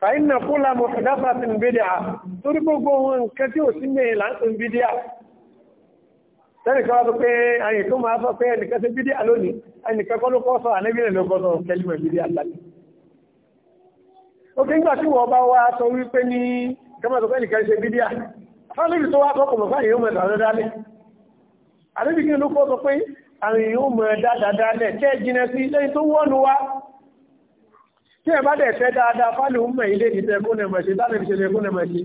fàínà kúlà mọ̀ fẹ̀dáfàtín bídíà torí gbogbo wọn nǹkan tí ó sí mẹ́rin láńsìn bídíà tẹ́nìkan wá sọ pé àyìn tó máa sọ pé ẹnìkan sí bídíà lónìí ẹnìkan kọ́ ló kọ́ sọ ànẹ́bìnrin ló kọ́ sọ kẹlìmọ̀ bídíà lálẹ́ àwọn èèyàn mọ̀ dáadáadáalẹ̀ tẹ́ jìnà sí ilé tó wọ́nu wá tí ẹ bá dẹ̀ fẹ́ dáadáa fálù ń mọ̀ ilé ìdíjẹ kónẹ̀mọ̀ṣe láti fi ṣẹlẹ̀ kónẹ̀mọ̀ṣe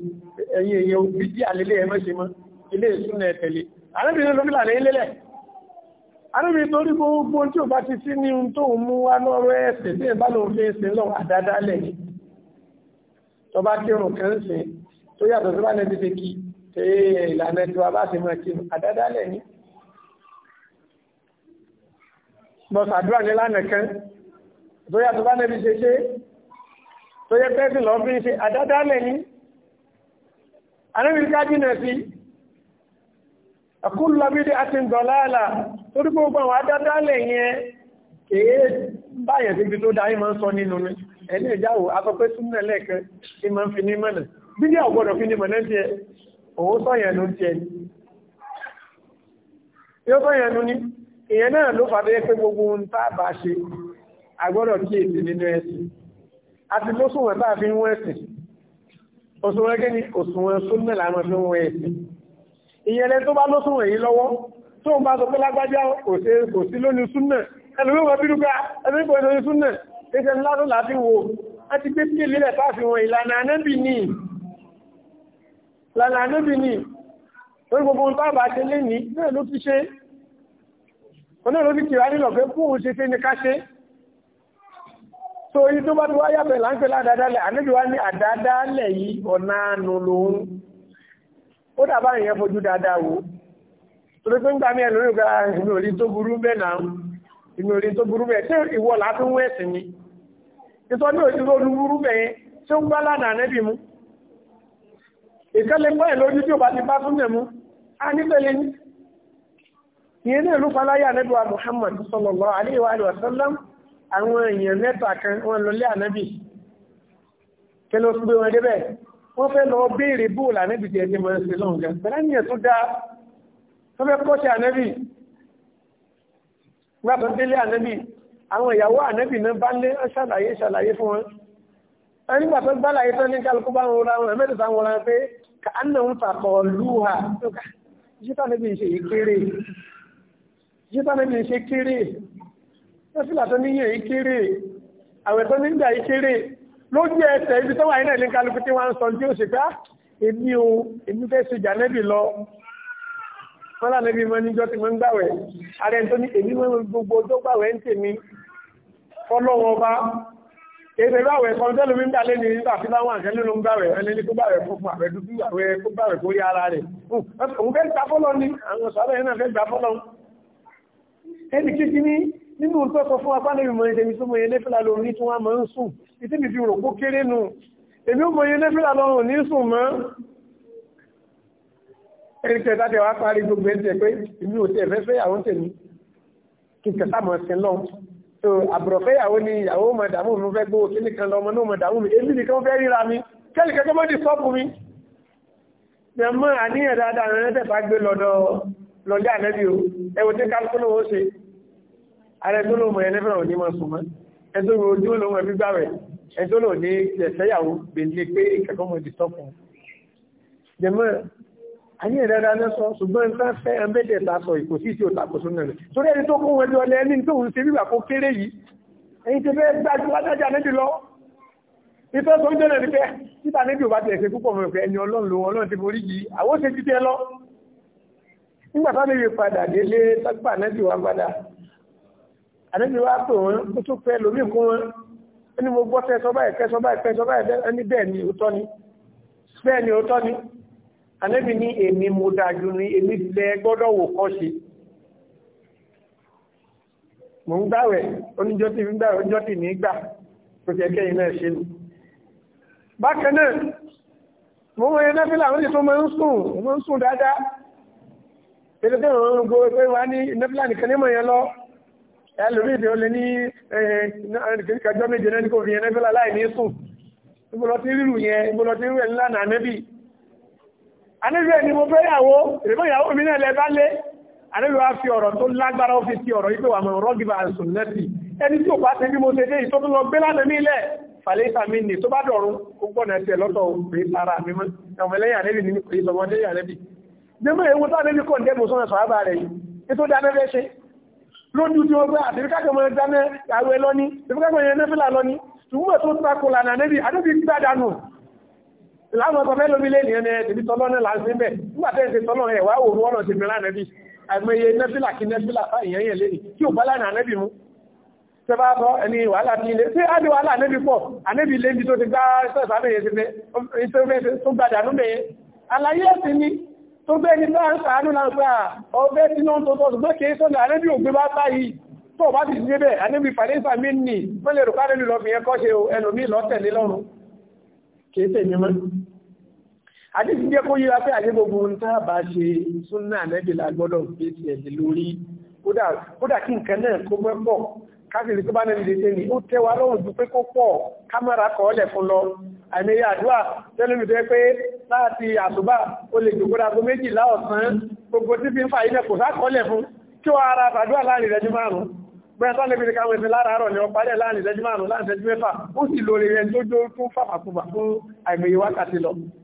ẹ̀yìn èèyàn bíjí àlélẹ̀ ẹ̀mọ́ṣe mọ́ ilé ìsúnà ẹ̀tẹ̀lẹ̀ arábìnrin lómìnà ní ilé lẹ̀ arábìnrin torí gbogbo tí ò bá ti sí ní ohun tó ń mú wá lọ́rọ̀ ẹ̀sẹ̀ tí ẹ bá lòun fi ń sin lọ àdáadáalẹ̀ ni tó bá kírun mọ̀ sàdúrà ní lánàá tó yàtọ̀ bá nẹ́bí ṣe ṣe tó yẹ pẹ́sì lọ fi ṣe àdádá lẹ́ni anábìríkà jìnà sí àkúlọ́bídé àti ìdọ̀láàlà tó dúpọ̀ gbọ́n àdádá lẹ́yìn ẹ kèé báyẹ̀ síbi tó ń sọ nínú ẹni ni ìyẹn náà ló fàdé pé gbogbo ohun tá a bá ṣe agbọ́dọ̀ kí èsì nínú ẹ̀sìn àti lóṣùwọ̀n tá a fi ń wọ́n ẹ̀sìn òṣùwọ̀n kí ni òṣùwọ̀n súnmọ̀ làwọn fi ń wọ́n ẹ̀sìn ìyẹn lẹ tó bá lóṣùwọ̀n yìí lọ́wọ́ tó ń bá sọ pé lágbájá kò sí lónìí súnmọ̀ ẹlòmí wọn bí dúkà ẹbí kò lónìí súnmọ̀ ẹsẹ̀ ńlá tó láti wo láti gbé sí ilé lẹ́ta fi wọn ọ̀nà ló fi kìí wá nílọ̀ pé kúrò ṣe fẹ́ ní káṣe so yí tó bá ti wá yàbẹ̀ láńpẹ́ ládádálẹ̀ àníbi wá ní àdádálẹ̀ yìí ọ̀nà àánú lòun ó dàbá ìyẹn fojú dáadáa wò torí pé ń gbà mí ẹ̀ lórí ìgbà ìmì ah, òrí tó burú bẹ́ẹ̀ náà ìmì òrí tó burú bẹ́ẹ̀ tí ìwọ láti ń wẹ̀sì ni ìtọ́ ní òṣìṣẹ́ olú burú bẹ́ẹ̀ tí ìyẹn náà ló faláyà nẹ́bíwá Muhammad sallallahu alaihi wa sallam àwọn èèyàn mẹ́ta kan wọ́n lọ lé ànábì kí ló gbé wọn débẹ̀ wọ́n fẹ́ lọ béèrè bóòlù ànábì tí ẹjẹ́ mọ́ẹ́sì lọ́nkẹ́ pẹ̀lá nìyẹn tó dáa tó fẹ́ kọ́ṣẹ́ ànábì gbàtọ̀ délé ànábì àwọn ìyàwó ànábì náà bá lé ṣàlàyé ṣàlàyé fún wọn nígbà tó gbálàyé tán ní kálukú ń fàkọ̀ lúwà ṣé bá níbi ṣe kéré lọ́sílà tó níyẹ yìí kéré àwẹ̀ tó nígbà yìí kéré lójú ẹsẹ̀ ibi tó wà ní ẹ̀lẹ́ kálukú tí wọ́n sọ tí ó sì pé ah, èmi o èmi fẹ́ ṣe jà nẹ́bì lọ wọ́n lá nẹ́bì mọ́ níjọ́ tí mo ń gbàwẹ̀ ààrẹ tó ní èmi mọ́ gbogbo tó gbàwẹ̀ ń tèmi fọ́lọ́wọ́ bá èdè gbàwẹ̀ kan tẹ́lu mi ń dalé ní nígbà tí láwọn àkẹ́lẹ́ ló ń gbàwẹ̀ ẹni ní kó gbàwẹ̀ fún fún àwẹ̀ dúdú àwẹ̀ kó gbàwẹ̀ kó ara rẹ̀ òun fẹ́ gbà fọ́lọ́ ni àwọn sọ́ọ́rẹ́ yẹn náà fẹ́ gbà fọ́lọ́ ẹni kíkí ní nínú tó sọ fún apá lórí mọ̀rin tèmi tó mọ̀ yẹn lẹ́fẹ́lá lórí tí wọ́n máa ń sùn ìtí mi fi rò kó kéré nù èmi ó mọ̀ yẹn lẹ́fẹ́lá lọ́rùn ní sùn mọ́ ẹni tẹ̀ta tẹ̀ wá parí gbogbo ẹ̀ pé èmi ò tẹ̀ fẹ́ fẹ́ ìyàwó tèmi kí tẹ̀ta mọ̀ sí lọ so àbùrọ̀fẹ́ ìyàwó ni ìyàwó mọ̀ dààmú mi fẹ́ gbówó kí nìkan lọ́mọ náà mọ̀ dààmú mi èmi nìkan fẹ́ ríra mi kẹ́lì kẹ́kẹ́ mọ́ di sọ́ọ̀bù mi. Ìyàmọ́ àníyàn dáadáa rẹ̀ tẹ̀ bá gbé lọ́dọ̀ lọ́lẹ́ ànẹ́bí o ẹwọ tí kálukú lówó ṣe ààrẹ tó lóun ẹni fẹ́ràn òní mọ̀ sùn mọ́ ẹ tó lóun ojú lóun ẹbí gbàwẹ̀ ẹ tó lóun ní ẹ̀sẹ̀yàwó gbèlè pé ìkẹ́kọ̀ọ́ mọ̀ dìtọ́ fún un. jẹ̀mọ́ ayé ìrẹ́ra ní sọ ṣùgbọ́n ń fẹ́ fẹ́ ẹ̀mẹ́dẹ̀ ta sọ ìkò sí sí òtàkóso náà torí ẹni tó kún wọn lọ lẹ́ni tó ń ṣe bíbà kó kéré yìí ẹni tí fẹ́ gbájú látàjà níbi lọ ìfẹ́ tó ń jẹ́ náà ní pẹ́ títà níbi ò bá tẹ̀ ṣe púpọ̀ mọ̀ pé ẹni ọlọ́run lòun ọlọ́run ti borí yìí àwọn ó ṣe ti tẹ́ lọ nígbàtá lè rí padà délé tọ́gbà nẹ́bí wa padà ànẹ́bí wa pè wọ́n kó tó pẹ́ lómi kún wọn ó ní mo gbọ́ tẹ́ sọ́bà ẹ̀kẹ́ sọ́bà ẹ̀kẹ́ sọ́bà ẹ̀kẹ́ ní bẹ́ẹ̀ ni òótọ́ ni bẹ́ẹ̀ ni òótọ́ ni ànẹ́bí ní èmi mo dájú ni èmi lẹ gbọ́dọ̀ wò kọ́ ṣe mò ń gbàwẹ̀ oníjọ́ tí mi gbàwẹ̀ oníjọ́ tí mi gbà kò sì ẹ̀kẹ́ iná ṣe ni bákan náà mo mọ ẹ̀yẹ náà fi làwọn ti ń sùn tẹ́lẹ̀tẹ́ ìrọ̀rùn gbogbo pé wá ní nẹ́fìlà nìkan nímọ̀ yẹn lọ ẹlòmí ìdí ó lè ní kẹjọ méje náà ní kò fi yẹn nẹ́fìlà láì ní sùn ìbọ̀lọ́tí rírù yẹn ìbọ̀lọ́tí rírù ẹ̀ ńlá nà nẹ́bì anẹ́bí ẹni mo fẹ́ yàwó ìrìbọ̀ ìyàwó mi náà lẹ bá lé anẹ́bí wa fi ọ̀rọ̀ tó lágbára ó fi ti ọ̀rọ̀ yìí pé wà mọ̀ rọ́gìbà àìsùn nẹ́bì ẹni tí ò bá ti bí mo ṣe dé ìtọ́tún lọ gbé lánàá mi lẹ̀ fàlẹ́ ìsàmì nì tó bá dọ̀rùn ó gbọ́nà jẹ́mọ́ ewu tó àdébí kọ̀ ní ẹgbùn sọ́nà sọ̀rọ̀ rẹ̀ yìí ètò dáná fẹ́ ṣe lójú tí ó gbé àtẹ̀ríkàkọ̀ mọ́ dáná àwẹ̀ lọ́ní ìfẹ́kàkọ̀ yẹn nẹ́fìlà lọ́ní ṣùgbọ́n tó takò lànà nẹ́bí àdébí gbádànù láwọn ọkọ̀ fẹ́ lómi lé nìyẹn ẹ̀dẹ̀bí tọ́lọ́nà là ń sí bẹ̀ nígbà tẹ́ ṣe tọ́lọ́ ẹ̀wà òru ọ̀nà ti mìíràn nẹ́bí àìmọye nẹ́fìlà kí nẹ́fìlà fà ìyẹn yẹn lé kí ò bá lànà nẹ́bí mú tẹ́ bá bọ́ ẹni wàhálà ti ilé tí ádì wàhálà nẹ́bí pọ̀ ànẹ́bí lé ibi tó ti gbá sẹ́sàmì yẹn ti fẹ́ tó gbàdánù bẹ́yẹn àlàyé ẹ̀sìn ni tó gbé ní bá ń sàánú náà pé ọgbẹ́ tí náà tó tọ́tù gbé kìí sọ́nà anẹ́bí ògbé bá sáyìí tó bá ti ṣe bẹ́ anẹ́bí fàdínsà mí nì tó lè lọ wa pé àti gbogbo la gbọ́dọ̀ gbé tiẹ̀ lórí kódà kí nǹkan náà káfíìrì tó bá nẹ́bí dédé ni ó tẹ́wà lọ́wọ́n ju pé kó pọ̀ kámẹ́rà kọ́ọ̀lẹ̀ fún lọ àìmẹ́yẹ àdúrà tẹ́lẹ̀mí tó yẹ pé láti àsùbá ó lè jòkó dago méjìlá ọ̀sán gbogbo tí fi ń fa ilẹ̀ kò sákọ́ọ̀lẹ̀ fún kí wọ́n ara àdúrà láàrin ìrẹ́jú márùn bẹ́ẹ̀ tó lẹ́bí ká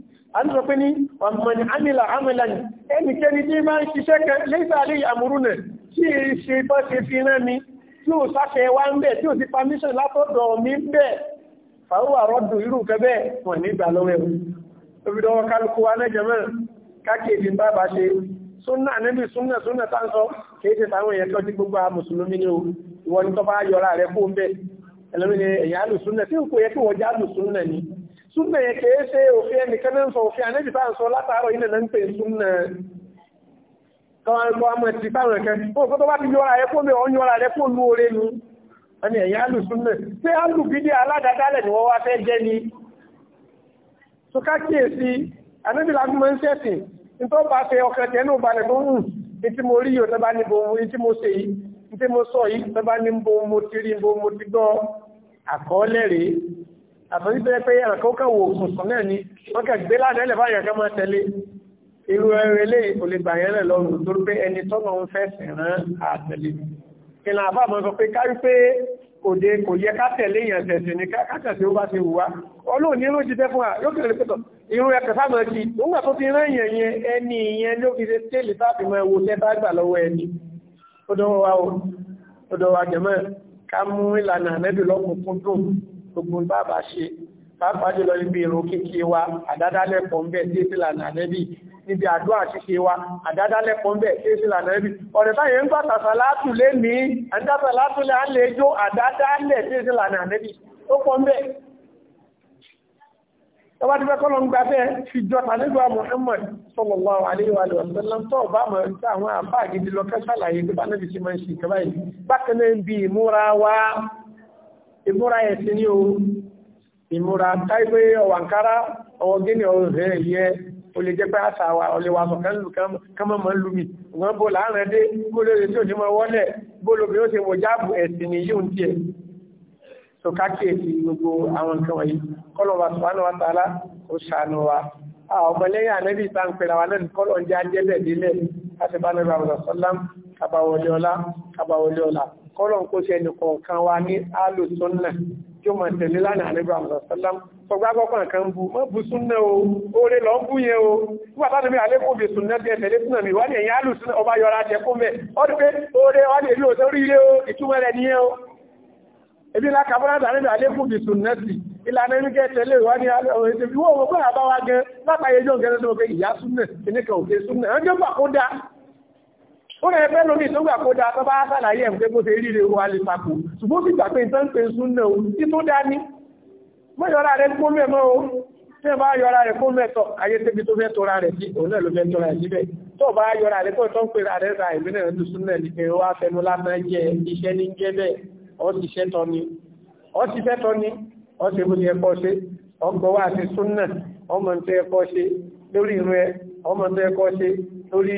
àdúgbò pé ní ọmọ ni amìlà amìlà ni ẹnikẹ́ni tí máa ń ṣiṣẹ́ kan lẹ́sàálẹ̀ àmúrú nẹ̀ tí ṣe bọ́ ṣe fi rán mi tí ò sáfẹ́ wá ń bẹ̀ tí ò ti permission látọ̀dọ̀ mi ń bẹ̀ fàáwà rọ́dù irú kẹ́bẹ̀ wọ̀n nígbà lọ́wẹ́ obìdọ́wọ́ wa nẹ́jẹ̀mọ́ káàkiri bá bá ṣe súnà níbi súnà súnà tá ń sọ kìí ṣe táwọn èèyàn kan tí gbogbo a mùsùlùmí ni o ìwọ ni tọ́ bá yọra rẹ fún bẹ́ẹ̀ ẹlẹ́mìnira ni súnà yẹn kìí ṣe òfin ẹnìkan náà ń sọ òfin àníbi bá ń sọ látàárọ̀ ilẹ̀ náà ń pè súnà kọwàá ọmọ ti báwọn ẹ̀kẹ́ ó kó bá ti yọra rẹ fún mi ọ̀n yọra rẹ fún olú nu ẹni ẹ̀yìn alùsúnà tí alùbídé aládàdálẹ̀ ni wọ́n wá fẹ́ jẹ́ ni tó kákíyèsí anábìlá fún mọ́ń sẹ́sìn ní tó bá fẹ́ ọkàn tẹ́ ní ìbàlẹ̀ tó hùn ní tí mo rí yóò tó bá àtọ́jú tó yẹ pé àkókò wò kùsùn náà ni wọ́n kẹ́ gbé ládẹ́lẹ̀ bá yẹn ká máa tẹ̀lé irú ẹrẹ lè olè gbà yẹn lẹ̀ lọ́rùn torí pé ẹni tọ́nà ń fẹ́ sẹ̀rán àtẹ̀lé ìlànà àbá àmọ́ sọ pé kárí pé òde kò yẹ ká tẹ̀lé yẹn tẹ̀sẹ̀ ní kákàtà tí ó bá ti wù wá ọlọ́run ní ló ti fún wa yóò kẹ̀lé pẹ̀tọ̀ irú ẹ̀kẹ́ sáà máa kí nígbà tó ti rán èèyàn yẹn ẹni ìyẹn ló fi wa ó wa jẹ̀mọ́ ká mú ìlànà àmẹ́bí gbogbo bàbá ṣe pàápàá jùlọ níbi ìrun kíkí wa àdádálẹ́pọ̀ ń bẹ̀ tí ìsìlànà nẹ́bì níbi àdúrà ṣíṣe wa àdádálẹ́pọ̀ ń bẹ̀ tí ìsìlànà nẹ́bì ọ̀rẹ́ báyìí ń gbàtà sàlátù lé ní àdádà látù lé àlejò àdádálẹ̀ tí ó pọ̀ ń bẹ̀ Muhammad sallallahu alaihi wa sallam tó bá mọ̀ ní àwọn àbá àgídí lọ kẹ́ sàlàyé tó ìmúra ẹ̀sìn ní o ìmúra táìpé ọ̀wàǹkárá ọwọ́ gíní ọ̀rọ̀ rẹ̀ yẹ o lè jẹ́ pé àṣà wa ọlẹ́wà sọ̀kan lù kánmọ́ mọ́ lù mí wọ́n bó láàrín dé bó lóore tí ò ní mọ́ wọ́lẹ̀ bó lóbi ó ti wọ jáàbù ẹ̀sìn ní yóò tiẹ̀ so kákìyèsí gbogbo àwọn nǹkan wọ̀nyí kọ́lọ̀wà sọ̀rọ̀ wa tààlà ó ṣàánú wa ọmọlẹ́yìn ànẹ́bí ìta ń pèrè àwọn alẹ́ kábàwọlé ọlá kábàwọlé ọlá kọ́lọ̀n kó ṣe ẹnì kọ̀ọ̀kan wa ní alùsùnà yóò mọ̀ tẹ̀lé lánàá àníbà àmọ̀sálám sọgbà kan bu mọ́ bu súnà o oore lọ ń bú yẹn o nígbà tá àdúgbò alẹ́ kò bí súnà bí ẹ̀tẹ̀lé súnà mi wọ́n ní ẹ̀yìn alùsùnà ọba yọra jẹ fún mẹ́ ọ dúpẹ́ oore wọ́n ebi ńlá kàbọ́nà àdúgbò alẹ́ kò bí súnà sí ìlànà ẹnikẹ́ tẹ̀lé wọ́n ní àwọn ètò ìwọ̀n òwò pé àbáwá gan lápá ẹjọ́ gẹ́gẹ́ tó pé ìyá súnà ẹnikẹ́ òfin súnà ẹjọ́ ó rẹ̀ fẹ́ lómi tó gbà kó da tó bá sàlàyé ẹ̀mùté bó ṣe ríre wa lè takò ṣùgbọ́n sì gbà pé nǹkan pé súnà o tí tó dá ní mọ́ yọra rẹ̀ kó mẹ́ mọ́ o tí ẹ bá yọra rẹ̀ kó mẹ́tọ̀ ayé tẹ́bi tó fẹ́ rẹ̀ ni ó ti fẹ́ tọ́ ni ó ti bó ti ẹ̀kọ́ ṣe ọgbọ́ wá sí súnà ọmọ tó ẹ̀kọ́ ṣe lórí irun ẹ ọmọ tó lórí